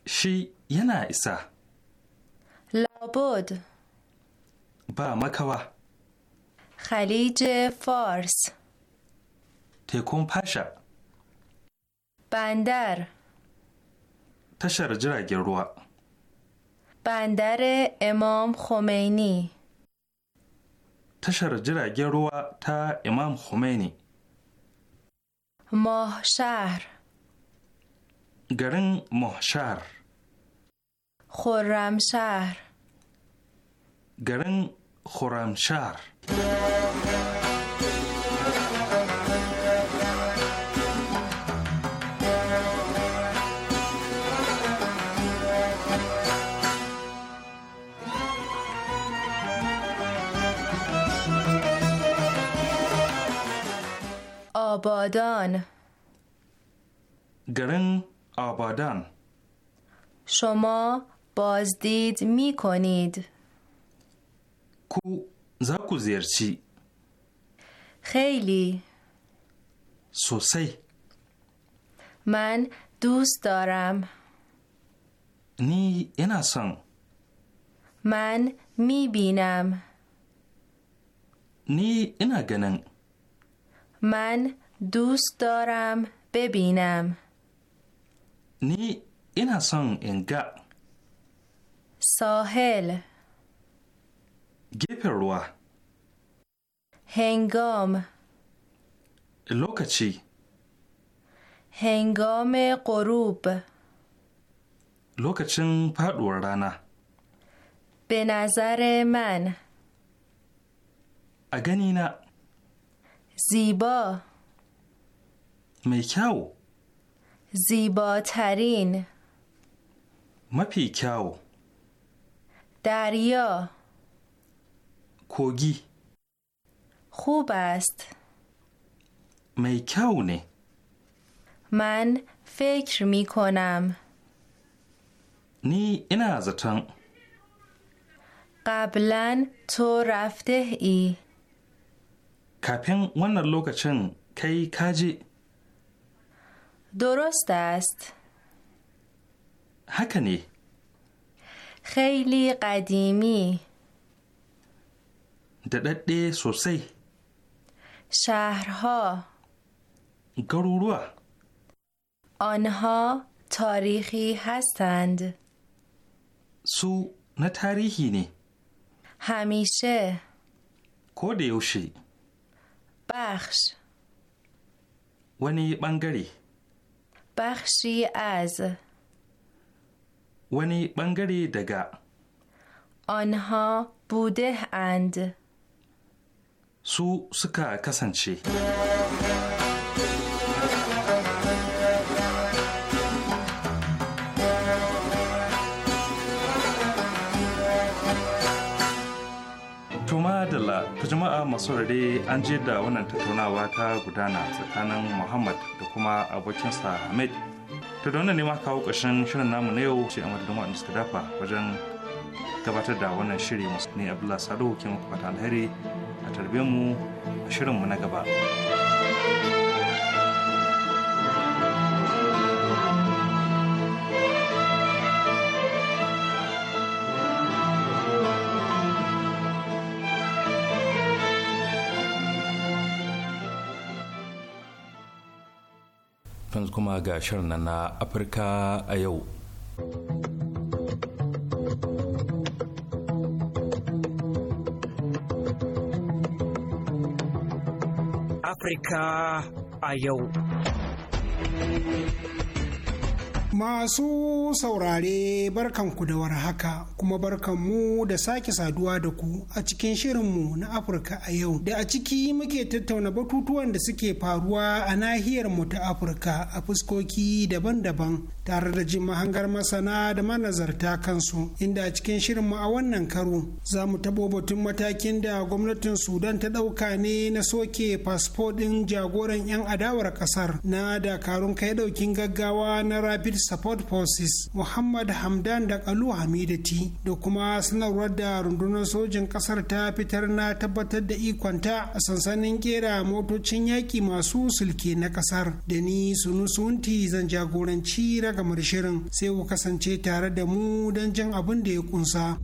شی یه نایسا لابد با مکوا خلیج فارس تکون پاشا بندر تشر جراغ روه بندر امام خمینی تشر رو گروه تا امام خمینی ماه شهر گرن ماه شهر خورم شهر گرن خورم شهر آبادان گرن آبادان شما بازدید می کنید کو زاکو زیرچی خیلی سوسی من دوست دارم نی اینا سن من می بینم نی اینا گنن من دوست دارم ببینم نی این سان انگا ساحل گپروا هنگام لوکچی هنگام غروب لوکچن پادور به نظر من اگنینا زیبا میکاو زیباترین ما پیکاو دریا کوگی خوب است میکونه من فکر می کنم نی این زتن قبلا تو رفته ای کپین ون لوکچن کی کاجی درست است هکنی خیلی قدیمی ددده سوسی شهرها گرورو آنها تاریخی هستند سو نه تاریخی نی همیشه کودیوشی بخش ونی بنگری Bakshi az Wani bangare daga Anha bude and Su suka kasance. Yeah. To jama'a masu rare an je da wannan tattaunawa ta gudana tsakanin Muhammad da kuma abokinsa Hamid. To da wannan ne ma kawo ƙarshen shirin namu na yau ce a madadin waɗanda suka dafa wajen gabatar da wannan shiri musu ne Abdullahi Salihu ke muku fata alheri a tarbe mu a shirinmu na gaba. kuma ga shirin na Afirka a yau. Afirka a yau. Masu saurare barkanku da warhaka kuma barkanmu da sake saduwa da ku a cikin shirin mu na Afirka a yau da a ciki muke tattauna batutuwan da suke faruwa a nahiyar mu ta Afirka a fuskoki daban-daban tare da jin mahangar masana da manazarta kansu inda a cikin mu a wannan karo za mu tabo batun matakin da gwamnatin Sudan ta ɗauka ne na soke fasfo ɗin jagoran 'yan adawar ƙasar na dakarun kai ɗaukin gaggawa na Rapid support forces muhammad hamdan da kalu hamidati da kuma sanarwar da rundunar sojin kasar ta fitar na tabbatar da ikonta a sansanin kera motocin yaƙi masu sulke na kasar da ni sunusunti zan jagoranci ragamar shirin sai ku kasance tare da mu don jin abin da ya kunsa.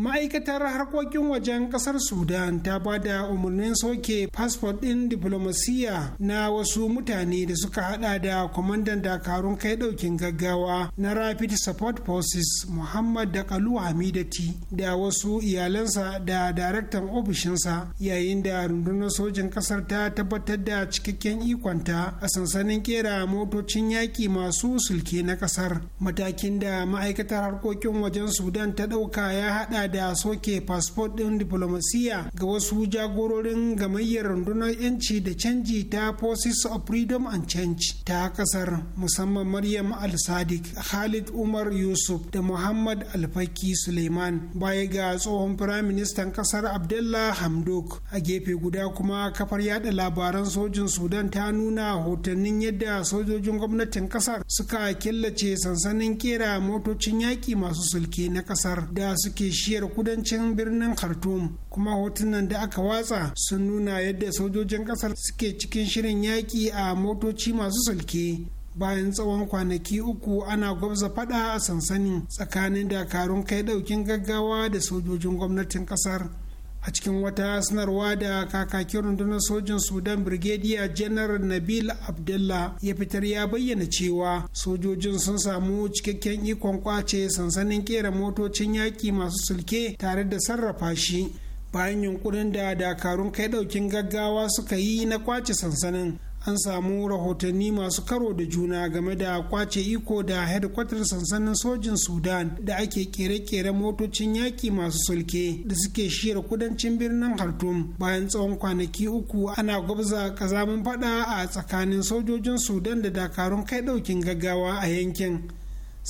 ma'aikatar harkokin wajen kasar sudan ta ba da umarnin soke fasfot ɗin diplomasiya na wasu mutane da suka hada da kwamandan dakarun kai ɗaukin gaggawa na rapid support forces muhammad da kalu hamidati da wasu iyalansa da daraktan ofishinsa yayin da rundunar sojin kasar ta tabbatar da cikakken ikonta a sansanin kera motocin yaƙi masu sulke na kasar matakin da ma'aikatar harkokin wajen sudan ta ɗauka ya hada da soke fasfot ɗin diplomasiya ga wasu jagororin gamayyar rundunar 'yanci da canji ta forces of freedom and change ta kasar musamman maryam al-sadiq khalid umar yusuf da muhammad alfaki suleiman baya ga tsohon firaministan kasar abdullah hamdok a gefe guda kuma kafar yada labaran sojin sudan ta nuna hotannin yadda sojojin gwamnatin kasar suka killace sansanin kera motocin yaƙi masu sulke na kasar da suke shiyar tsakiyar kudancin birnin khartoum kuma hotunan da aka watsa sun nuna yadda sojojin kasar suke cikin shirin yaƙi a motoci masu sulke bayan tsawon kwanaki uku ana gwabza fada a sansanin tsakanin dakarun kai daukin gaggawa da sojojin gwamnatin kasar a cikin wata sanarwa da kakakin rundunar sojin sudan brigadier general nabil abdullah ya fitar ya bayyana cewa sojojin sun samu cikakken ikon kwace sansanin kera motocin yaƙi masu sulke tare da sarrafa shi bayan yunkurin da dakarun kai daukin gaggawa suka yi na kwace sansanin an samu rahotanni masu karo da juna game da kwace iko da hedkwatar sansanin sojin sudan da ake kere-kere motocin yaki masu sulke da suke shiyar kudancin birnin hartum bayan tsawon kwanaki uku ana gwabza kazamin fada a tsakanin sojojin sudan da dakarun kai daukin gaggawa a yankin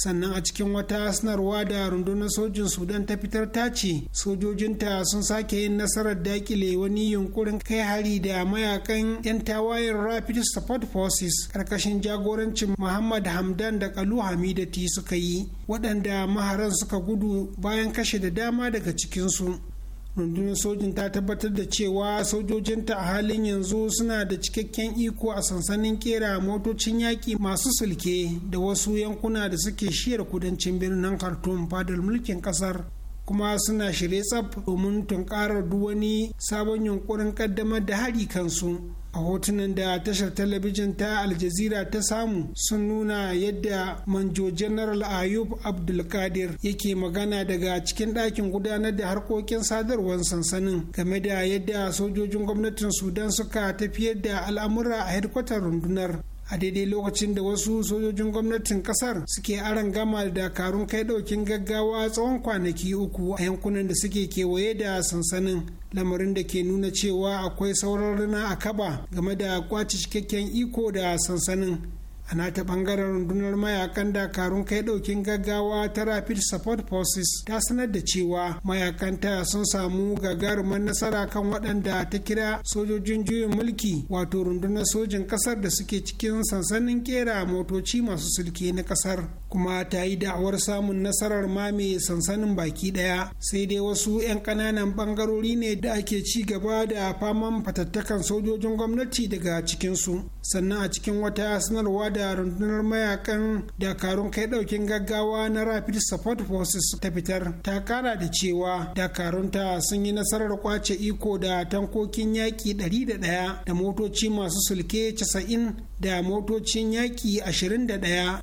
sannan a cikin wata sanarwa da rundunar sojin sudan ta fitar ta ce sojojinta sun sake yin nasarar dakile wani yunkurin kai hari da mayakan 'yan tawayen rapid support forces karkashin jagorancin muhammad hamdan da kalu hamidati suka yi waɗanda maharan suka gudu bayan kashe da dama daga cikinsu rundunar sojin ta tabbatar da cewa sojojinta a halin yanzu suna da cikakken iko a sansanin kera motocin yaƙi masu sulke da wasu yankuna da suke shiyar kudancin birnin khartoum fadar mulkin kasar kuma suna shirye tsab domin tunkarar duk wani sabon yunkurin kaddamar da hari kansu a hotunan da tashar talabijin ta aljazira ta samu sun nuna yadda manjo general ayub abdulkadir yake magana daga cikin ɗakin gudanar da harkokin sadarwar sansanin game da yadda sojojin gwamnatin sudan suka tafiyar da al'amura a hedkwatar rundunar a daidai lokacin da wasu sojojin gwamnatin kasar suke aron gama da dakarun kai daukin gaggawa tsawon kwanaki uku a yankunan da suke kewaye da sansanin lamarin da ke nuna cewa akwai sauran rana a kaba game da kwace cikakken iko da sansanin a nata bangaren rundunar mayakan dakarun kai daukin gaggawa ta rapid support forces ta sanar da cewa mayakanta sun samu gagarumar nasara kan waɗanda ta kira sojojin juyin mulki wato rundunar sojin ƙasar da suke cikin sansanin kera motoci masu sulki na ƙasar kuma ta yi da'awar samun nasarar mame sansanin baki ɗaya sai dai wasu 'yan ƙananan bangarori ne da ake ci gaba da faman fatattakan sojojin gwamnati daga cikinsu sannan a cikin wata sanarwa da da rundunar mayakan dakarun kai daukin gaggawa na rapid support forces ta fitar ta kara da cewa dakarunta sun yi nasarar kwace iko da tankokin yaƙi 101 da motoci masu sulke 90 da motocin yaƙi 21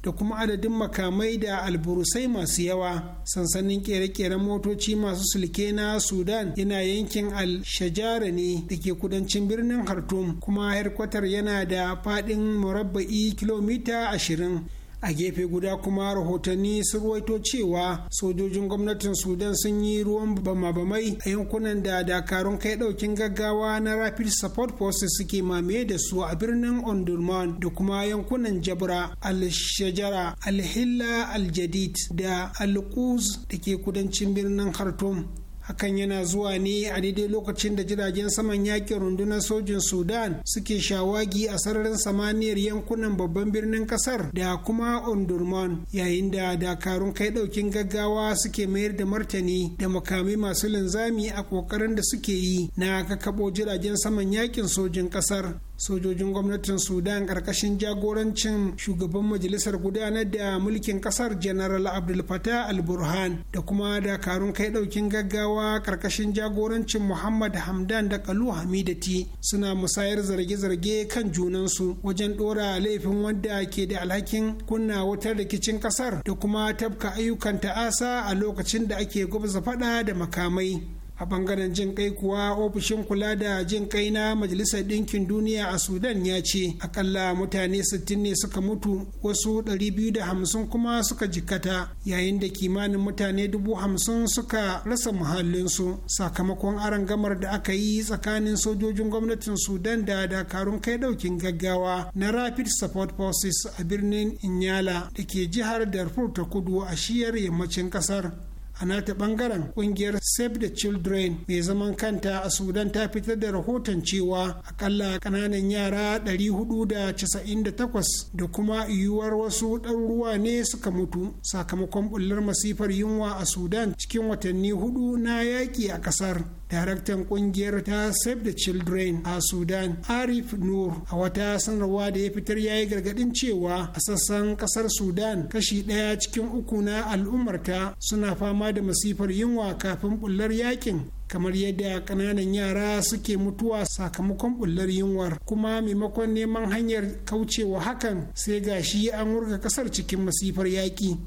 da kuma adadin makamai da alburusai masu yawa sansanin kere-keren motoci masu sulke na sudan yana yankin al-shajara ne da ke kudancin birnin khartoum kuma harkwatar yana da faɗin murabba'i kilomita 20 a gefe guda kuma rahotanni sun ruwaito cewa sojojin gwamnatin sudan sun yi ruwan bama-bamai a yankunan da dakarun kai daukin gaggawa na rapid support forces suke mamaye da su a birnin ondurman da kuma yankunan jabra al-shajara al-hilla da al-quz da ke kudancin birnin khartoum hakan yana zuwa ne a daidai lokacin da jiragen saman yakin rundunar sojin sudan suke shawagi a sararin samaniyar yankunan babban birnin kasar da kuma ondurman yayin da dakarun kai ɗaukin gaggawa suke mayar da martani da makamai masu linzami a kokarin da suke yi na kakabo jiragen saman yaƙin sojin kasar sojojin gwamnatin sudan karkashin jagorancin shugaban majalisar gudanar da mulkin kasar general abdul fatah al-burhan da kuma dakarun kai daukin gaggawa karkashin jagorancin muhammad hamdan da kalu hamidati suna musayar zarge-zarge kan junansu wajen dora laifin wanda ke da alhakin kunna wutar rikicin kasar da kuma tabka ayyukan ta'asa a lokacin da ake gwabza fada da makamai a bangaren jin kai kuwa ofishin kula da jin kai na majalisar ɗinkin duniya a sudan ya ce akalla mutane 60 ne suka mutu wasu 250 kuma suka jikkata yayin da kimanin mutane 50 suka rasa muhallinsu sakamakon arangamar da aka yi tsakanin sojojin gwamnatin sudan da dakarun kai daukin gaggawa na rapid support forces a birnin inyala da ke jihar darfur ta kudu a shiyar yammacin kasar a nata bangaren kungiyar save the children mai zaman kanta a sudan ta fitar da rahoton cewa akalla kananan yara 498 da kuma yiwuwar wasu ɗaruruwa ne suka mutu sakamakon bullar masifar yunwa a sudan cikin watanni hudu na yaƙi a ƙasar daraktan kungiyar ta save the children a sudan arif nur a wata sanarwa da ya fitar yayi yi gargadin cewa a sassan kasar sudan kashi ɗaya cikin uku na al'ummarta suna fama da masifar yunwa kafin bullar yakin kamar yadda kananan yara suke mutuwa sakamakon bullar yunwar kuma maimakon neman hanyar kaucewa hakan sai gashi an wurga kasar cikin masifar yaƙi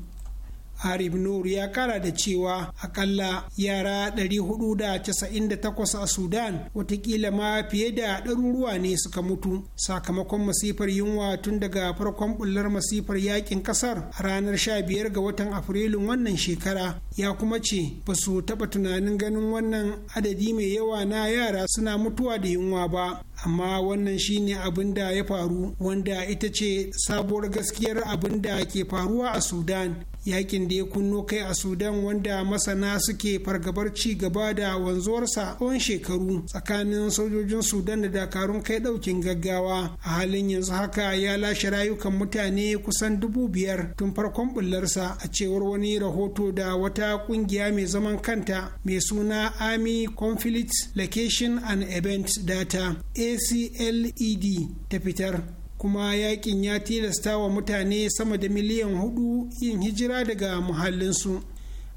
Arif Nur ya kara da cewa akalla yara 498 a Sudan watakila ma fiye da ɗaruruwa ne suka mutu sakamakon masifar yunwa tun daga farkon bullar masifar yakin kasar a ranar 15 ga watan Afrilun wannan shekara ya kuma ce ba su taɓa tunanin ganin wannan adadi mai yawa na yara suna mutuwa da yunwa ba amma wannan shine abin da ya faru wanda ita ce sabuwar gaskiyar abin da ke faruwa a sudan yakin da ya kunno kai a sudan wanda masana suke fargabar ci gaba da wanzuwarsa tsawon shekaru tsakanin sojojin sudan da dakarun kai daukin gaggawa a halin yanzu haka ya lashe rayukan mutane kusan dubu biyar tun farkon bullarsa a cewar wani rahoto da wata kungiya mai zaman kanta mai suna army conflict location and event data acled ta fitar kuma yakin ya tilasta wa mutane sama da miliyan hudu yin hijira daga muhallinsu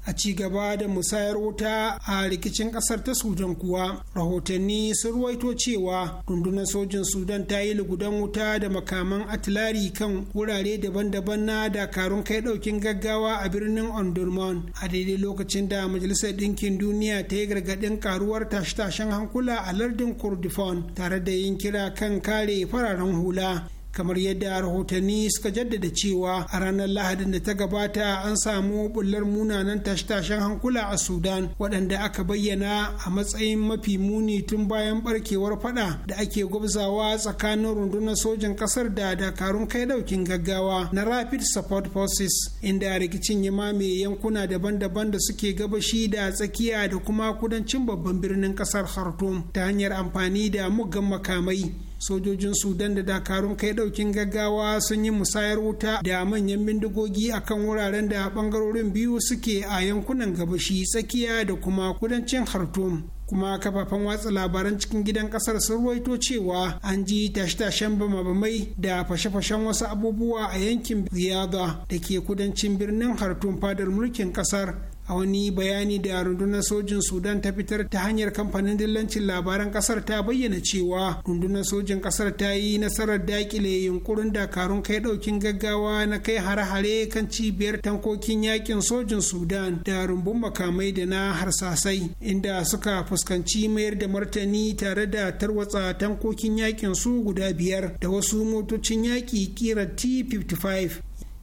a ci gaba da musayar wuta a rikicin kasar ta sudan kuwa rahotanni sun ruwaito cewa rundunar sojin sudan ta yi lugudan wuta da makaman atilari kan wurare daban-daban na dakarun kai daukin gaggawa a birnin ondurman a daidai lokacin da majalisar ɗinkin duniya ta yi gargaɗin karuwar tashe-tashen hankula a lardin kurdifon tare da yin kira kan kare fararen hula kamar yadda rahotanni suka jaddada cewa a ranar lahadin da ta gabata an samu bullar munanan tashe-tashen hankula a sudan waɗanda aka bayyana a matsayin mafi muni tun bayan barkewar fada da ake gwabzawa tsakanin rundunar sojan ƙasar da dakarun kai ɗaukin gaggawa na rapid support forces inda rikicin ya mame yankuna daban-daban da suke gabashi da tsakiya da kuma kudancin babban birnin ƙasar khartoum ta hanyar amfani da muggan makamai sojojin sudan da dakarun kai daukin gaggawa sun yi musayar wuta da manyan bindigogi akan wuraren da bangarorin biyu suke a yankunan gabashi tsakiya da kuma kudancin khartoum kuma kafafen watsa labaran cikin gidan kasar sun ruwaito cewa an ji tashe-tashen bama-bamai da fashe-fashen wasu abubuwa a yankin riyadha da ke kudancin birnin hartun fadar mulkin kasar a wani bayani da rundunar sojin sudan ta fitar ta hanyar kamfanin dillancin labaran kasar ta bayyana cewa rundunar sojin kasar ta yi nasarar dakile yunkurin dakarun kai daukin gaggawa na kai hare-hare kan cibiyar tankokin yakin sojin sudan da rumbun makamai da na harsasai inda suka fuskanci mayar da martani tare da tarwatsa tankokin yakin su guda biyar da wasu motocin yaki kira t-55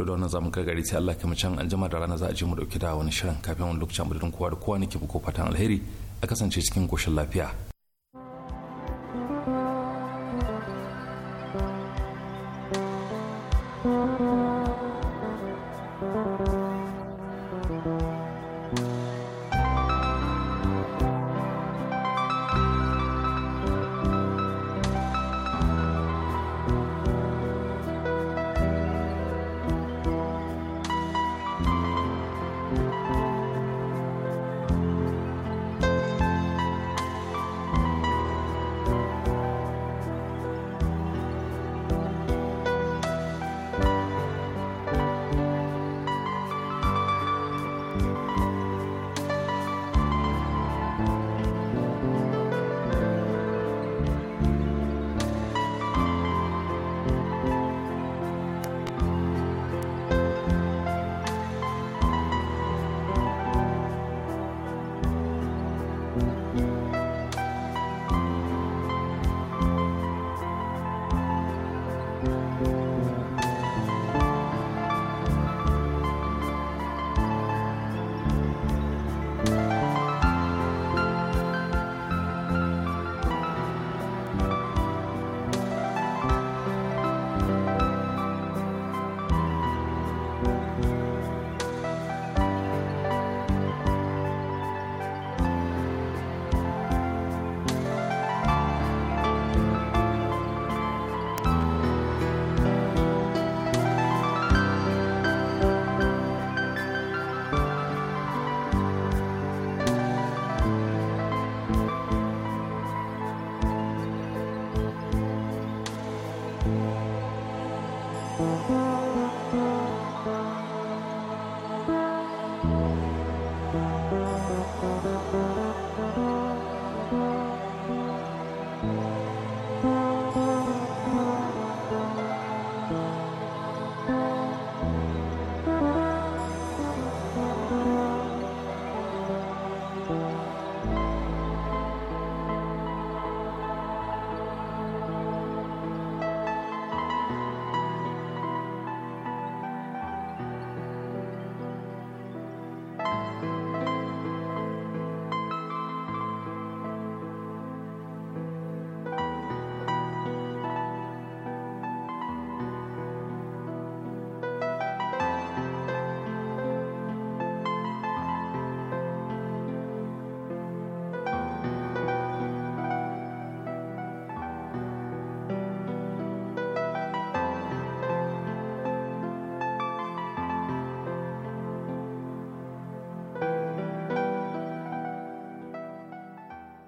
to da wannan zamu kai gari sai Allah kuma can anjima da rana za a je mu dauki da wani shirin kafin wani lokacin budurin kowa da kowa nake muku fatan alheri a kasance cikin koshin lafiya